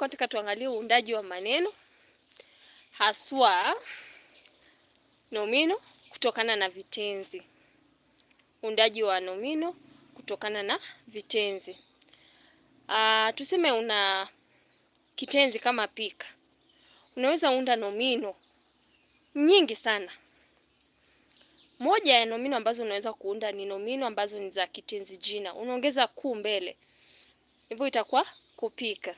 Nataka tuangalie uundaji wa maneno haswa nomino kutokana na vitenzi. Uundaji wa nomino kutokana na vitenzi. Aa, ah, tuseme una kitenzi kama pika, unaweza unda nomino nyingi sana. Moja ya nomino ambazo unaweza kuunda ni nomino ambazo ni za kitenzi jina, unaongeza ku mbele, hivyo itakuwa kupika.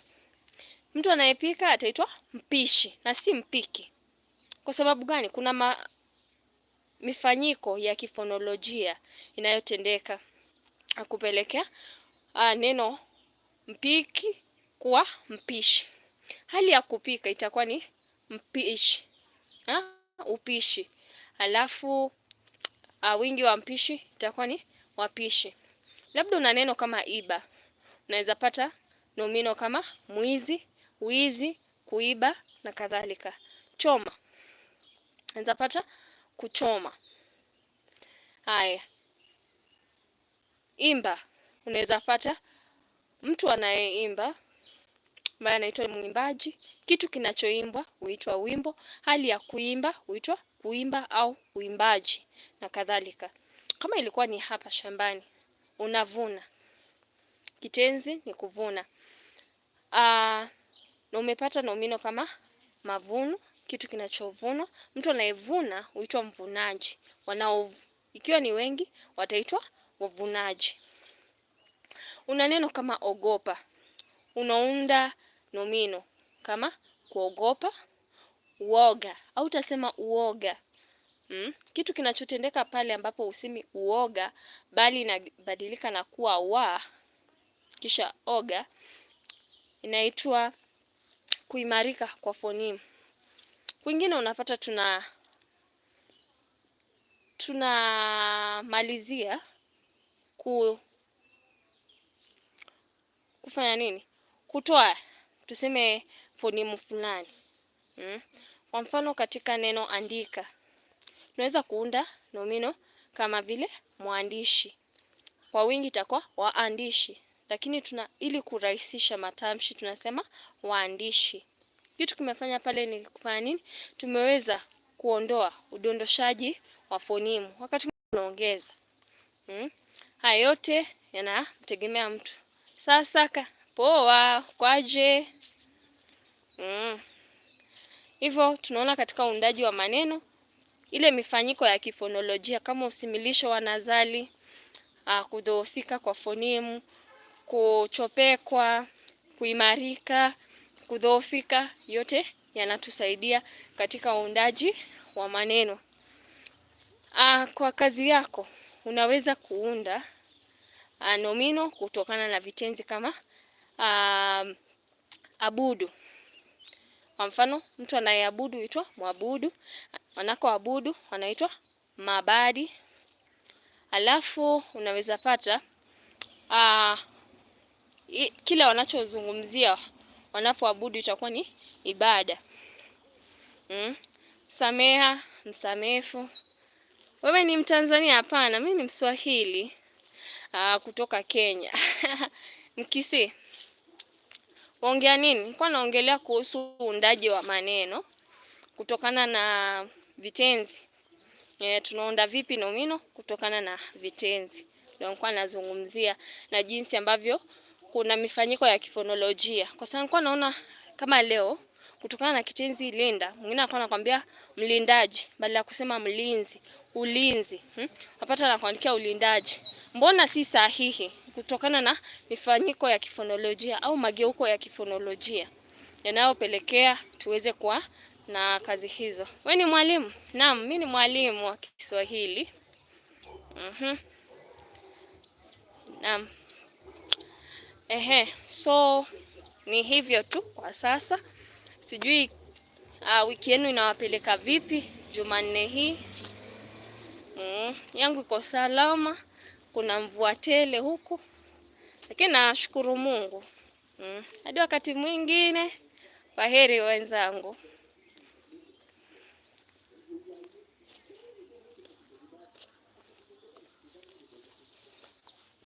Mtu anayepika ataitwa mpishi na si mpiki. Kwa sababu gani? Kuna ma... mifanyiko ya kifonolojia inayotendeka kupelekea uh, neno mpiki kuwa mpishi. Hali ya kupika itakuwa ni mpishi ha? Upishi alafu uh, wingi wa mpishi itakuwa ni wapishi. Labda una neno kama iba, unaweza pata nomino kama mwizi wizi, kuiba na kadhalika. Choma, pata kuchoma. Haya, imba, unaweza pata mtu anayeimba ambaye anaitwa mwimbaji. Kitu kinachoimbwa huitwa wimbo. Hali ya kuimba huitwa kuimba au uimbaji na kadhalika. Kama ilikuwa ni hapa shambani, unavuna, kitenzi ni kuvuna. Aa, ah, na umepata nomino kama mavuno, kitu kinachovunwa. Mtu anayevuna huitwa mvunaji, wanao ikiwa ni wengi wataitwa wavunaji. Una neno kama ogopa, unaunda nomino kama kuogopa, uoga au utasema uoga. Mm, kitu kinachotendeka pale ambapo usemi uoga bali inabadilika na kuwa wa kisha oga inaitwa kuimarika kwa fonimu. Kwingine unapata tuna tunamalizia ku kufanya nini, kutoa tuseme fonimu fulani hmm. Kwa mfano katika neno andika, tunaweza kuunda nomino kama vile mwandishi, kwa wingi itakuwa waandishi lakini tuna ili kurahisisha matamshi tunasema waandishi. Kitu kimefanya pale ni kufanya nini? Tumeweza kuondoa udondoshaji wa fonimu, wakati unaongeza hmm. Haya yote yanamtegemea mtu. Sasa poa, kwaje? hmm. Hivyo tunaona katika uundaji wa maneno ile mifanyiko ya kifonolojia kama usimilisho wa nazali, ah, kudhoofika kwa fonimu kuchopekwa, kuimarika, kudhoofika, yote yanatusaidia katika uundaji wa maneno. Aa, ah, kwa kazi yako unaweza kuunda aa, ah, nomino kutokana na vitenzi kama aa, ah, abudu. Kwa mfano, mtu anayeabudu huitwa mwabudu, wanakoabudu wanaitwa mabadi. Alafu unaweza pata aa, kila wanachozungumzia wanapoabudu itakuwa ni ibada mm. Sameha, msamefu. Wewe ni Mtanzania? Hapana, mi ni Mswahili aa, ah, kutoka Kenya Mkisi, ongea nini? Nilikuwa naongelea kuhusu uundaji wa maneno kutokana na vitenzi e, tunaunda vipi nomino kutokana na vitenzi. Ndio nilikuwa nazungumzia na jinsi ambavyo kuna mifanyiko ya kifonolojia, kwa sababu nilikuwa naona kama leo kutokana na kitenzi linda, mwingine alikuwa anakuambia mlindaji badala ya kusema mlinzi, ulinzi hmm? Wapata anakuandikia ulindaji. Mbona si sahihi? Kutokana na mifanyiko ya kifonolojia au mageuko ya kifonolojia yanayopelekea tuweze kuwa na kazi hizo. We ni mwalimu? Naam, mimi ni mwalimu wa Kiswahili. Mhm. Naam. Ehe, so ni hivyo tu kwa sasa. Sijui uh, wiki yenu inawapeleka vipi Jumanne hii? Mm, yangu iko salama, kuna mvua tele huku, lakini nashukuru Mungu. Mm, hadi wakati mwingine, paheri wenzangu.